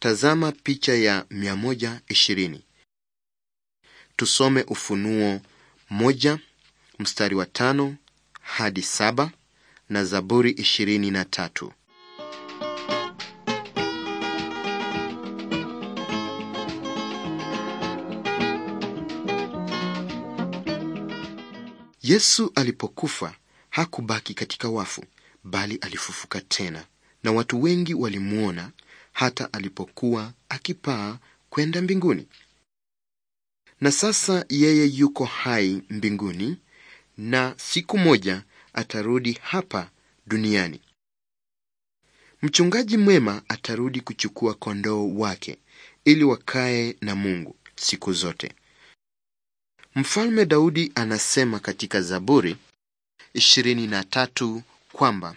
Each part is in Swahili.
Tazama picha ya 120. Tusome Ufunuo moja mstari wa tano hadi saba na Zaburi ishirini na tatu. Yesu alipokufa hakubaki katika wafu, bali alifufuka tena, na watu wengi walimwona hata alipokuwa akipaa kwenda mbinguni. Na sasa yeye yuko hai mbinguni, na siku moja atarudi hapa duniani. Mchungaji mwema atarudi kuchukua kondoo wake ili wakae na Mungu siku zote. Mfalme Daudi anasema katika Zaburi 23 kwamba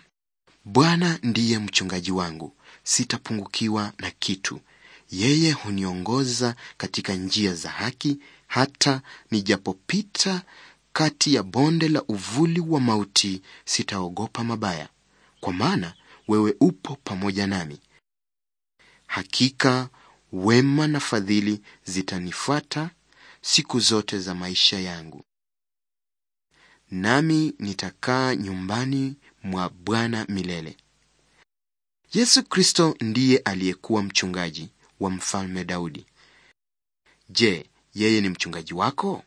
Bwana ndiye mchungaji wangu, sitapungukiwa na kitu. Yeye huniongoza katika njia za haki, hata nijapopita kati ya bonde la uvuli wa mauti, sitaogopa mabaya, kwa maana wewe upo pamoja nami. Hakika wema na fadhili zitanifuata siku zote za maisha yangu, nami nitakaa nyumbani mwa Bwana milele. Yesu Kristo ndiye aliyekuwa mchungaji wa Mfalme Daudi. Je, yeye ni mchungaji wako?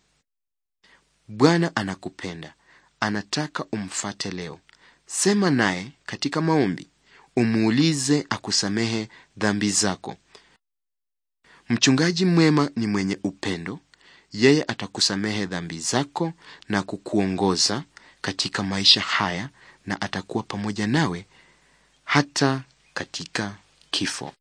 Bwana anakupenda, anataka umfate leo. Sema naye katika maombi, umuulize akusamehe dhambi zako. Mchungaji mwema ni mwenye upendo. Yeye atakusamehe dhambi zako na kukuongoza katika maisha haya na atakuwa pamoja nawe hata katika kifo.